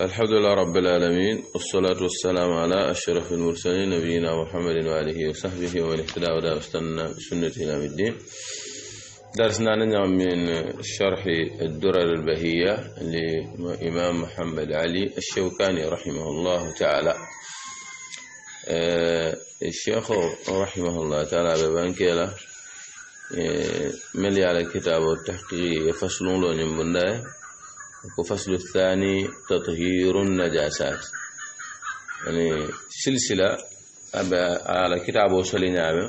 الحمد لله رب العالمين والصلاة والسلام على أشرف المرسلين نبينا محمد وآله وصحبه ومن اهتدى ودا واستنى بسنته إلى الدين درسنا لنا من شرح الدرر البهية لإمام محمد علي الشوكاني رحمه الله تعالى الشيخ رحمه الله تعالى ببانكيلا ملي على كتابه التحقيق فصلون لون من ko faslu thani tathiru najasat yani silsila abe ala kitabo soliñame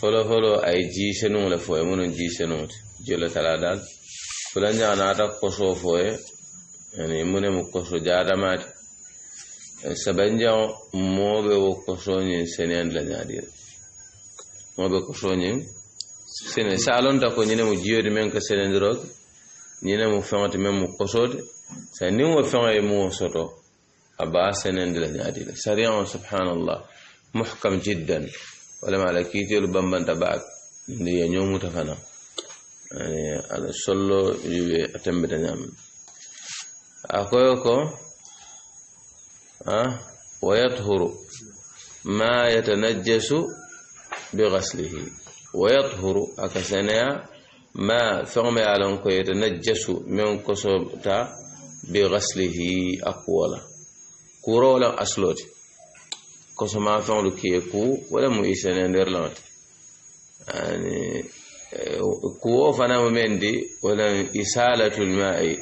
folo folo ay jiisenuŋ le foye munu jiisenuŋ ti jelo tala dal fula ñaanaata koso foye yani mune mu koso jaadamaati sabanjaŋo moo be wo kosoñiŋ seneyandi la ñaadiri moo be kosoñiŋ sene saalonta ko ñine mu jiyodi meŋ ka senendirooke ñine mu feŋo ti meŋ mu kosoo ti sari niŋ wo feŋo ye muŋo soto a baa senendi la ñaati le sariyaŋo subhanallah muhkam jiddan walama ala kiitolu bambanta baak ndi ye ñoo muta fana ala sollo yuɓe a tembita ñaam a koyo ko wa yathuru ma yatanajjasu bi gaslihi wa yathuru aka seneya ما فهم يعلم كيد نجس من كسب تا بغسله أقوالا كورولا أسلوت كسما فهم لكيكو ولا مؤسسة يندر لغت يعني كو فنا مندي ولا إسالة الماء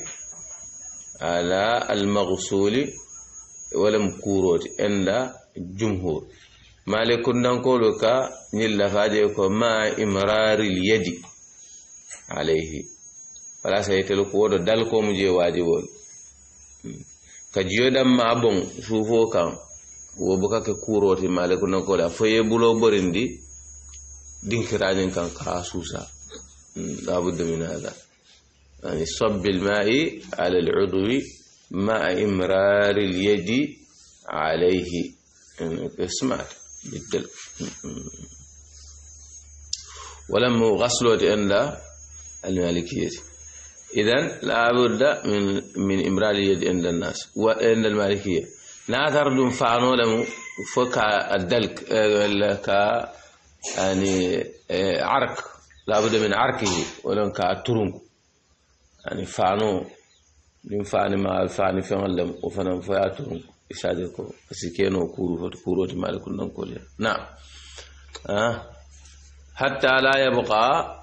على المغسول ولا مكوروت عند الجمهور مالك كندن كولوكا نيلا فاجيكو ما إمرار اليدي alayhi wala sa yetel ko wodo dal ko mu je wajibol hmm. ka jiyo dam ma bon sufo kan wo boka ke kuroti male ko nako la foye bulo borindi dinkirañin kan ka susa labudde hmm, min hada ani sobbi lmai ala ludwi ma imrari lyadi alayhi hmm, smat bittel walamo gasloti en la المالكية إذا لا بد من من إمرار اليد عند الناس وعند المالكية ناثر دون فانو لم فك الدلك ك يعني عرق لا بد من عرقه ولن كالترنك يعني فانو دون فان ما الفان فان لم وفنا فيا ترنك إشادكو فسكينو كورو كورو تمالكو نعم أه حتى لا يبقى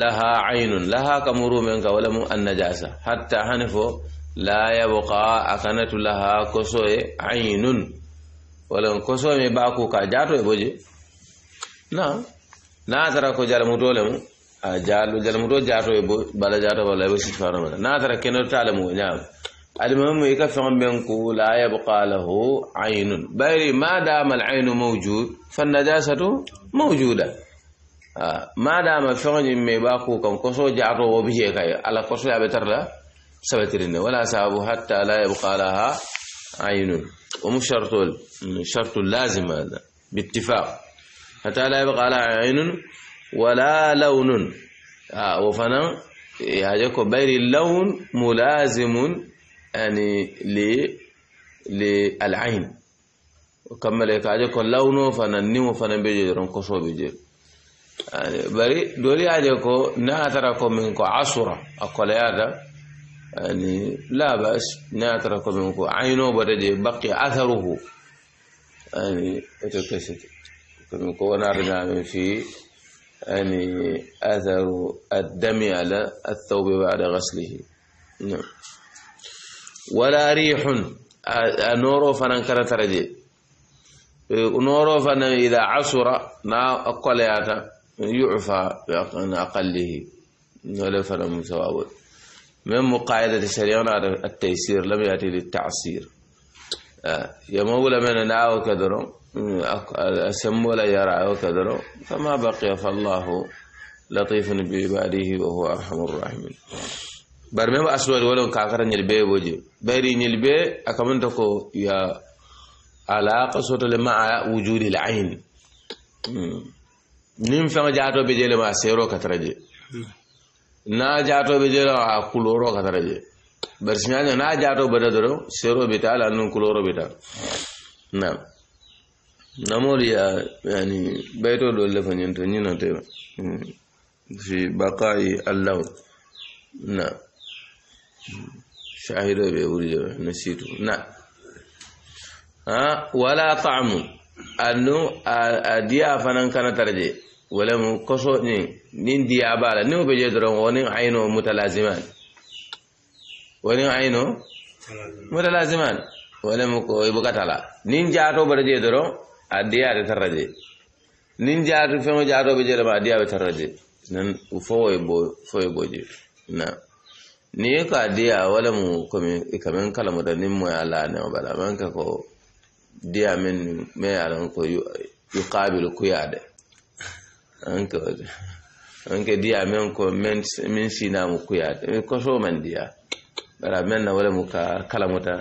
laha ainun laha kamuru men ka wala mun annajasa hatta hanfo la yabqa akanatu laha kosoye ainun wala kosoye me baku ka jato e boje na na tara ko jala mutole mu a jalu jala muto jato e bo bala jato wala be sifaro mala na tara keno talamu nyam المهم يكفهم بينكو لا يبقى له عين بل ما دام العين موجود فالنجاسة موجودة ما دام فقط مي باكو كم كسو جارو وبيه كاي على كسو يابتر لا سبترين ولا سابو حتى لا يبقى لها عين ومشرط شرط لازم هذا باتفاق حتى لا يبقى لها عين ولا لون آه، وفنا يهجكو بير اللون ملازم يعني لي للعين وكمل يكاجكو لونه فنا النمو فنا بيجي رنكسو بيجي bari doli yaje ko na tara ko min ko asura akola yada ani la bas na tara ko min ko aino bada je baqi atharuhu ani eto kesete ko min ko wana rina min fi يعني أثر الدم على الثوب بعد غسله نعم ولا ريح نورو فنان كرترجي نورو فنان إذا عصر نا أقل ياتا يعفى عن أقله ولو فلم سواء من مقاعدة الشريعة التيسير لم يأتي للتعسير آه، يا مولى من نعو كدرو أسم لا يرعى كدرو فما بقي فالله لطيف بعباده وهو أرحم الراحمين barmem اسود ولو kakara ñel be بيري bayri أكمن تكو يا علاقة صوت alaqa sotole maa wujudi nin feŋo jaato be jele ma a seeroo ka tara je naa jaato be jele ma a kulooroo ka tara je bari siñaaño naa jaato bada doro seeroo bi ta ala nun kulooroo bi ta naam namoolu ye yani baytoo doolu le fo ñinto ñinote fi baqai allaw naam shahidoo be wurijo no siitu naam ha wala taamu annu a diya fanan kana tara je wala mu koso ni nin diya bala ni be je dron woni ayno mutalaziman woni ayno mutalaziman wala mu ko ibu katala nin jaato bar je dron adiya de taraje nin jaato fe mo jaato be je ma adiya be taraje nan fo e bo fo e boje na ni ka diya wala mu komi kamen kala mu da nin mo ala ne bala man ka ko diya men me yaran ko yuqabilu kuyade anke anke diya men ko men min sinamu kuyaade koso man diya bara men na wala mu ka kalamuta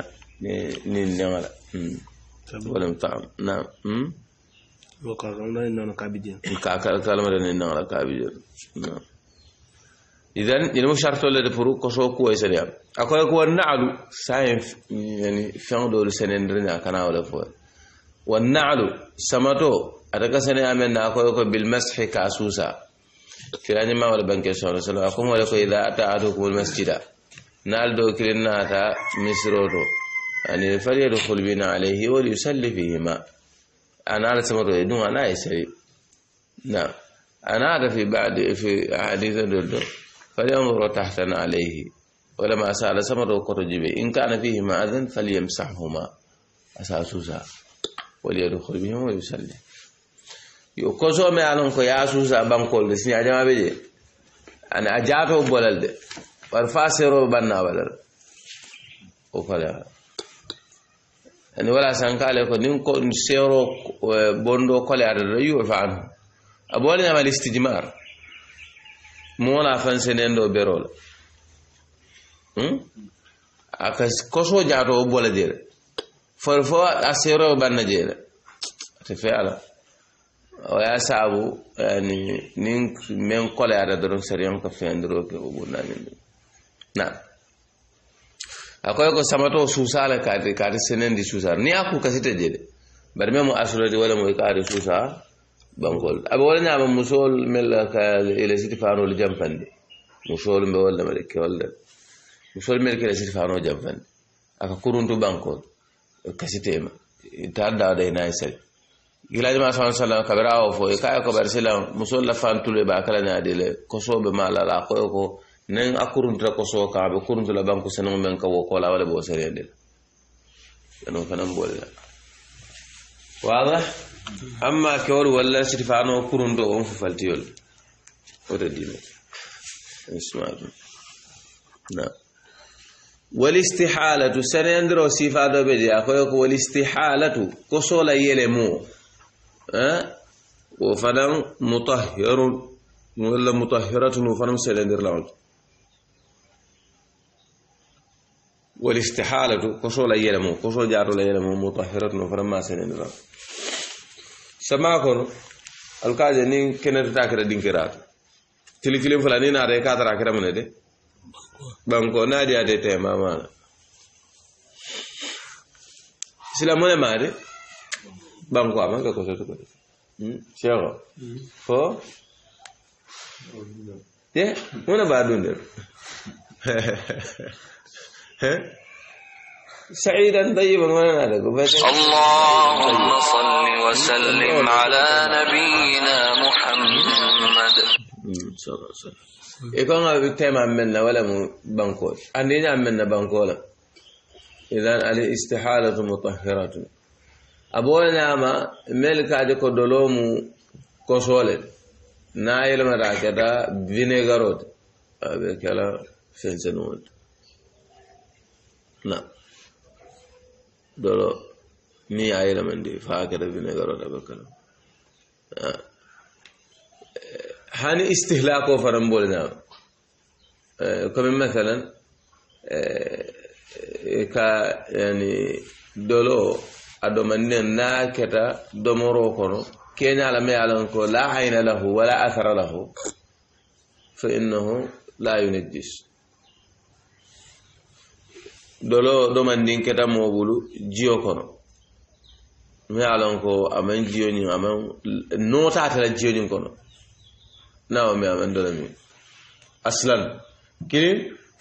nin newala wala mu taam na kalamata nin newala kabijen idan ilmu shartole de pour koso kuwoy sene am akoye ko wonnaalu sayen yani feŋ doolu senendirña kana wala fo والنعل سمتو أتكسني أمن أكويك بالمسح كأسوسا في أنما والبنك صلى الله عليه وسلم أقوم ولكو إذا أتى أتوكم المسجد نال دو كلنا أتى مصروتو يعني فليدخل بنا عليه وليسلي فيهما أنا على سمتو يدون أنا يسري نعم أنا أعرف في بعد في حديث دول فلينظر تحتنا عليه ولما سأل سمر وقرجبي إن كان فيهما أذن فليمسحهما أساسوسا وليدخل بهم ويصلي يوكوزو مي الون كو ياسوس بانكول دي سني ادما بيجي انا اجاتو بولال دي ورفا سيرو بنا بلال وكلا أنا ولا سانكال كو نين كو سيرو بوندو كولا ريو فان ابولنا مال استجمار مولا فانسنندو بيرول هم اكاس كوسو جاتو بولال دي فرفو أسيرو بنجيل تفعل ويا سابو يعني نين من قول على درون سريان كفين دروك وبنا نعم akoy ko samato susala kati kati senendi susar ni aku kasita jede bar memo asulati wala mo kari susa bankol abe wala nyama musol mel ka ila siti fano li jampande musol mbe wala mel ke wala musol mel ke ila siti fano jampande aka kuruntu bankol kasitema ta dawda hina sari gilajima sa sallam kabira wo fo kaye kobar silam musol la fantule ba kala ñaadi le kosoɓe malala koye ko nin a kuruntura koso kan aɓe kuruntula banku senugu men ka wo kola wala bo serede la eno fanan bole la wala amma kewol walla siti fano kurunto on fo faltiyol oto dino ismatum na والاستحالة سنندرو صفات بدي أخوك والاستحالة كسول يلمو أه؟ وفنان مطهر ولا مطهرة وفنان سنندر لعود والاستحالة كسول يلمو كسول جارو يلمو مطهرة وفنان ما سنندر سماكن سماكم القاعدة نين كنت تاكرا تلي فلانين من banko nadi atete mamala silamole made banko amanga kosoto ko hmm shego fo ye mona badunde سعيدا طيبا وانا اللهم صل وسلم على نبينا محمد صلى الله عليه وسلم يكون إيه، بالتيم عملنا ولا بنكول عندنا عملنا بنكولا إذا الاستحالة مطهرة أبونا نعمة ملك عدك دولوم كسولد نايل مراكدا فينيغارود أبي كلا فنسنود نعم دولو ni a yi lamandi fa aka da vinegar da bakala hani istihlako fanan bolinama komin mathalan ka yani dolo a domannen na keta domoro kono keñala me alan ko la ayna lahu wala athara lahu fa innahu la yunajjis dolo domandin keta mobulu jiyo kono me alan ko aman jiyo ñin aman notatala jiyo ñin kono nawa mi amen dole mi aslan kili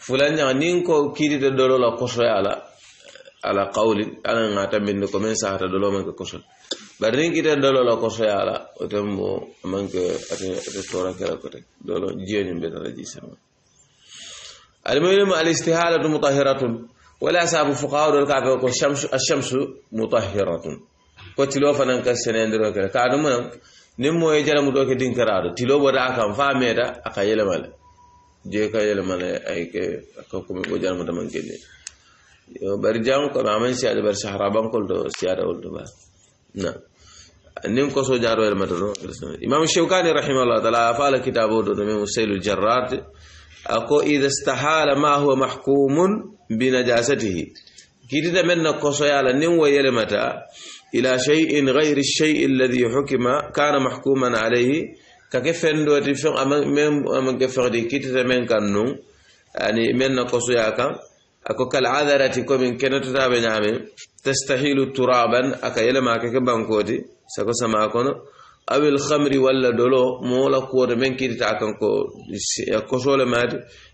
fulan nya nin ko kiri de dolo la koso ala ala qawli ana ngata min ko men sa ta dolo man ko koso barin kita dolo la koso ala o tembo man ko ate ate tora kala ko te dolo jeni be dara ji sama المهم الاستهالة مطهرة ولا ساب فقهاء دول كافي الشمس الشمس مطهرة كتلو فنان كسنين دول كافي كادو nin mo ye jalamu do ke dinkaraɗo tilo bota kan fa meeta aka yelemale je ka yelemale ayke aka komi ko jalamu taman kelle yo bari jam kono aman siyade bari sahara bankol to siyada wol to ba na nin koso jaro yelemata ɗo imam chewkani rahimahullah taala a faala kitabo ɗo ɗo min usailul jarrat ako ida stahala ma huwa mahkumun binajasatihi kiitita men na kosoyala nin wo yelemata إلى شيء غير الشيء الذي حكم كان محكوما عليه ككفن دو تفن أمام أمام كفر دي كتة من كنون يعني من نقص ياك أكو كل كالعذرة كمن كنت تتابع نعم تستحيل ترابا أكا ما كك بانكودي سكو سما كونو أو الخمر ولا دولو مولا كور من كي تاكن كو كوشول مات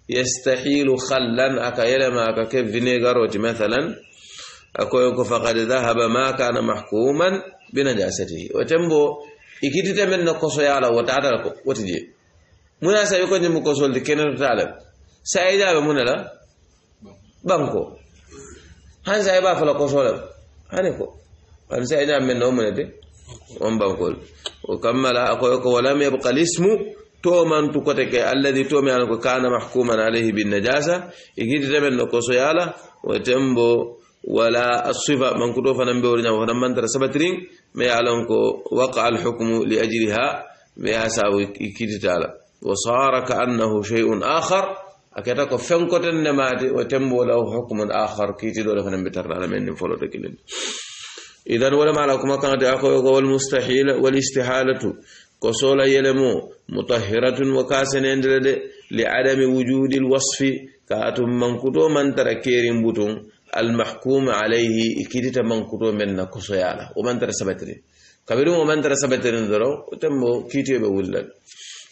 يستحيل خلا أكا يلما أكا كفينيغاروتي مثلا akoyonko faqad dhahaba ma kana mahkuman binajasatihi wotembo ikitite men no kosoyala wotatal ko wotije muna sawi ko ñimu kosolde keneno talem sa e jaɓe muna la banko han sa e ba fala kosolem hani ko han sa e jaɓe men no mune de on bankol o kammala akoy ko walam yabqa lismu tomantu kote ke alladi tomi ana ko kana mahkuman alayhi binnajasa ikitite men no kosoyala wotembo ولا الصفة من كتوفا نمبورنا وهنمان ترى سبترين ما يعلمكو وقع الحكم لأجلها يساو يكيد تعالى وصار كأنه شيء آخر أكتاكو فنكو تنماتي وتنبو له حكم آخر كيد دوله فنمبترنا لمن فلو تكلم إذن ولم عليكم كانت أخوة والمستحيل والاستحالة كسولة يلمو مطهرة وكاسن عندلد لعدم وجود الوصف كاتم من كتو من تركير بطن المحكوم عليه كيتي من كتو من كسيالا ومن ترى سبتري كبير ومن ترى سبتري ندرو تمو كيتي بولد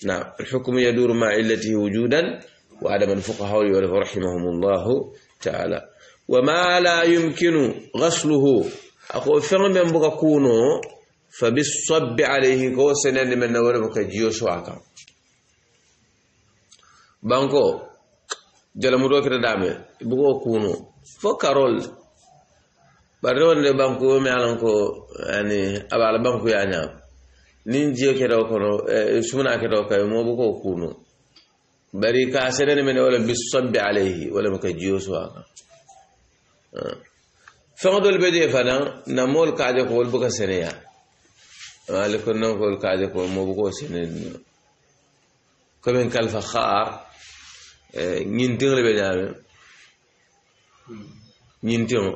نعم الحكم يدور مع علته وجودا وعدم الفقهاء رحمهم الله تعالى وما لا يمكن غسله أخو فعل من كونو فبالصب عليه كو سنن من نور بوكا جيو سواكا بانكو جلمدوك ردامي بقى كونو fo karol bari won de banku mi alan ko yani abala banku ya nyaam nin jiyo kedo kono e sumuna kedo kay mo bu ko kunu bari ka sedene men wala bisabbi alayhi wala maka jiyo suwaka fengdol be je fana na mol kaaje ko wol buka seneya wala ko non ko kaaje ko mo bu ko senen ko men kalfa khar ñin dingle be nyaame ñinteŋo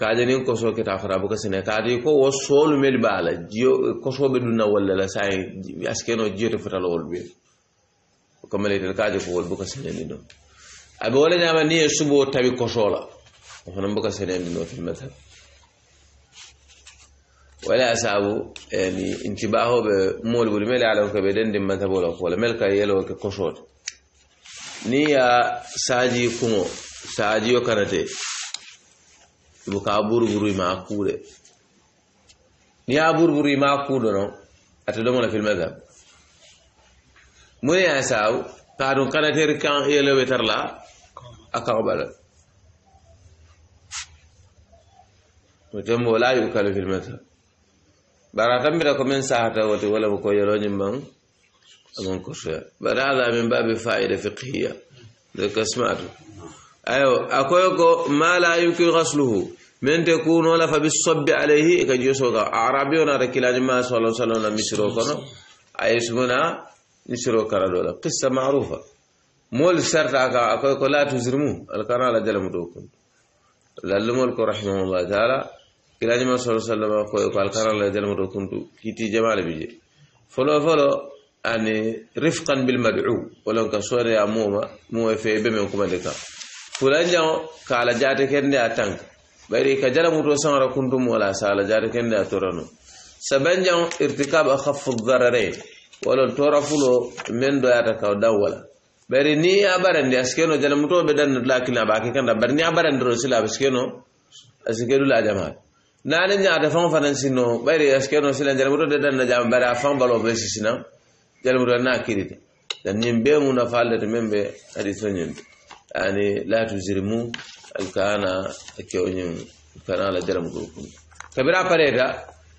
kajanin koso kita farabu ka sene kaadi ko wo soolu mel be a la jiyo koso be dunna walla la sayi askeno jiyoto futala wol be kamaletel kaaje ko wol buka seneni ɗon aɓe wala ñama ni subo tawi koso la o honon buka seneni ɗo fil matal wala sabu yani intibahoɓe moolu ɓuri mele alaw ko ɓe ɗenndin matabola ko mel ka yelowo ke kosote ni ya saaji kuŋo saajiyo kanate ibuka buruburu ima kuule ni a buruburu ima kuudo no ate domola fil madhab mune ya saw kaadun kanater kan yelowe tarla akaqbala mutembo la yukalu fil madhab bara tambira ko min sahata wote wala ko yeloñim ban amon kortoya bara ala min babi faida fiqhiya ذلك سمعته ايو اكو ما لا يمكن غسله من تكون ولا فبالصب عليه كجوسوغا عربي ونا ركلاني ما صلى الله عليه وسلم مشرو كنا اي سمنا مشرو كرالولا قصه معروفه مول سرتا اكو لا تزرمو الكرا لا جلم دوكم للمول رحمه الله تعالى كلاني ما صلى الله عليه وسلم اكو الكرا لا جلم دوكم كيتي جمال بيجي فلو فلو اني يعني رفقا بالمدعو ولو كسوري يا موما مو في بمنكم الكرا fulanjaŋo ka a la jaate kende a taŋ bari ka jala muto saŋara kuntumoo la sa a la jaate kende a tora no sabanjaŋo irtikab ahafu dararain walla tora fulo men do yata kaw daw wala bari ni a barandi a sikeno jala muto be dannatula kila a ba ke kanda bari ni a barandiro sila a sikeno a sikedula jamaat naani ñaata faŋo fanaŋ sinno bayri askeno sila jalamuto de danna jama bari a faŋ baloo be sisina jalamuto naa kirita dan ñiŋ bee mu nafaalu le to meŋ be hadiso ñiŋ yani la tuzirimu alkana akewnyum kana la jaram gurukum kabira pareta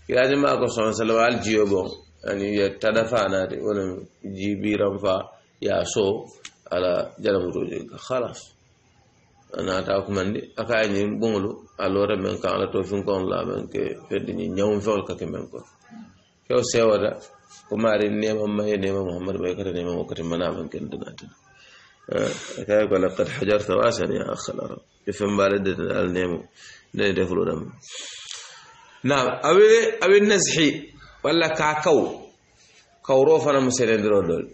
kiraje ma ko son salwa al jiyobo yani ya tadafa na de wala jibiran fa ya so ala jaram roje khalas ana ta kuma ndi aka ni bungulu alora men kan ala to fin kon la men ke feddi ni nyawum fol ka kemen ko kew sewada kuma rin neman mai neman muhammad bai kada neman wakati mana men dana dinata يقول لقد حجرت واسعا يا أخ العرب يفهم بالدة النيمو لا يدخلوا دم نعم ابي أو النزحي ولا كاكو كورو فانا مسلم دول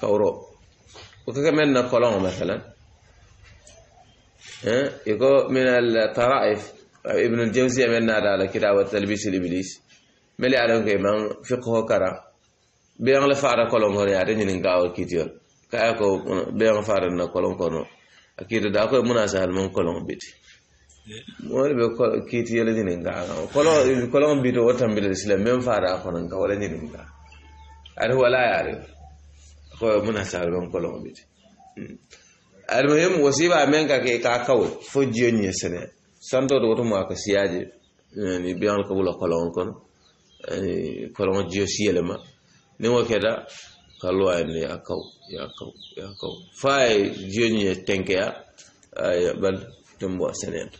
كورو وكمان نقولون مثلا يقول من الطرائف ابن الجوزي من على كتاب تلبيس الابليس ملي على كيما فقه كرا بيان لفعل كلهم هنا يعني نقاو كتير kaya ko beŋo faran na kolon kono a kiita da koye muna sahal man kolon biti moolu be kiiti yele ñinin ka kan kolon bito wo tambita sila men fara konon ka wala ñinin ka ari wala yaari koye muna sahal man kolon biti almuhim wasiba men ka ke ka kawo fo jiyo ñe sene santo do woto ma ka siyaje ni beŋol ka bula kolon kono kolon jiyo siyelema ni wo keda ka luwaye ne ya kaw ya kaw ya kaw fa ye jiyo ñin ye tenkeya aye bal tumbo senento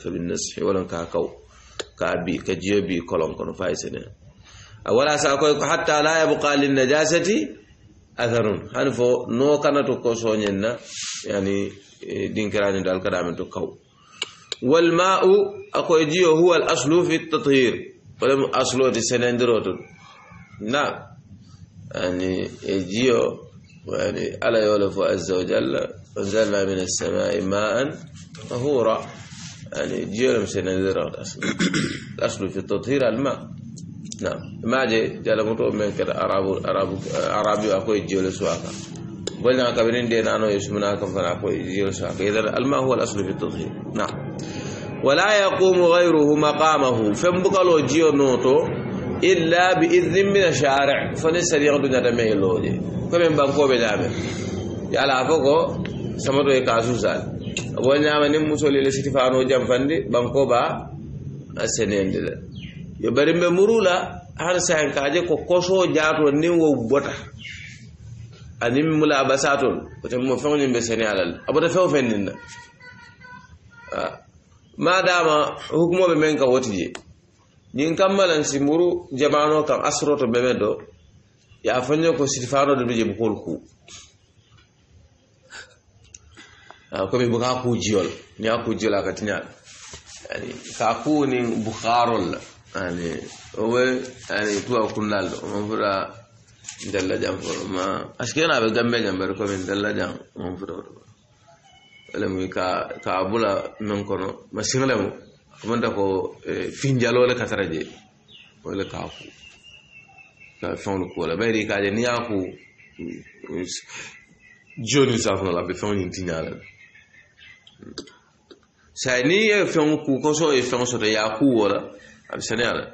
fabi nasihi walan ka kaw ka bi ka jiyo bi kolon kono fa ye senento wala sa koy ko hatta la yabqa lin najasati atharun hani fo no kana to ko soñen na yani dinkirani dal kada men to kaw wal ma'u akoy jiyo huwa al aslu fi at-tathir wala aslu di senendiroto na يعني يجيء يعني ألا يولف عز وجل أنزلنا من السماء ماء طهورا يعني جيو مسنا نذره الأصل الأصل في تطهير الماء نعم ما جي جل مطو من كده أرابو أرابو أرابي أكو يجيو لسواقا قلنا كبرين دين أنا يسمنا كم اكو يجيو لسواقا إذا الماء هو الأصل في التطهير نعم ولا يقوم غيره مقامه فمبقلو جيو نوتو إلا بإذن من الشارع فنسر يغدو نرمه الله دي كمين بانكو بنامه يالا فوقو سمتو يكاسو سال أبو نعم نمسو للسيتي فانو جنفندي بانكو با السنين آه. دي يبرم بمرولا har sayan kaje ko koso jato ni wo bota anin mula basatol wote mo fewnin be seni alal abota few fennin na madama hukumoɓe men ka wotije ñiŋ kammalan si muru jamano kan asroto beme do ye a foño ko sitifano de be je bukol ku komi buka ku jiyol ni a ku jiyol a ka tiñal yani ka ku nin bukarol la yani owe yani tuba kunnal do man fota ndella jam foro ma askena be gambe jam ber komi ndella jam man fota wala mi ka ka bula men kono ma single mu wanda ko finja le katara je o le ka ku ka fɛnw ko la bari ka je ni ya ku joni safunɛ la a bɛ fɛnw ɲin ti ɲa la sayi n'i ye fɛnw ku kosɔn ye fɛnw sɔrɔ ya ku wɔra a bɛ sɛnɛ la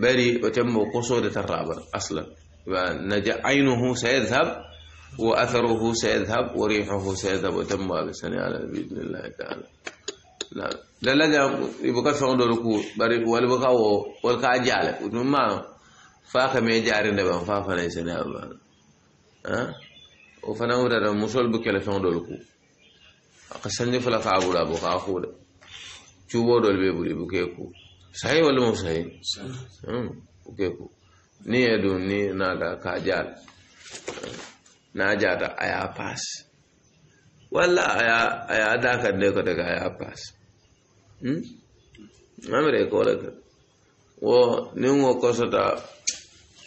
bayiri o tɛ mɔgɔ kosɔn de ta raba aslan نجا عينه سيذهب وأثره سيذهب وريحه سيذهب وتم بسنة على بإذن الله تعالى la la ja ibu ka fɛn dɔlu ku bari wali bu ka wo wali ka jaale nu ma fa ka me jaari ne ban fa fana sene allah ha o fana wura da musol bu kele fɛn dɔlu ku aka sanje fala ka abura bu ka ku da cubo dol be buri bu ke ku sahi wala mu sahi bu ke ku ni ya dun ni na da ka jaale na jata aya pass walla aya aya da ka ne ko daga aya pass عمري أقول لك ونمو قصة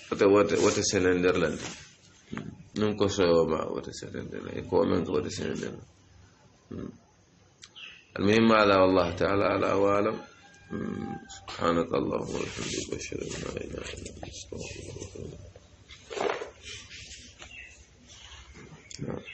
wata ko e ko men ko المهم على الله تعالى على أعلم سبحانك الله وبحمدك بشر أن إله إلا أنت أستغفرك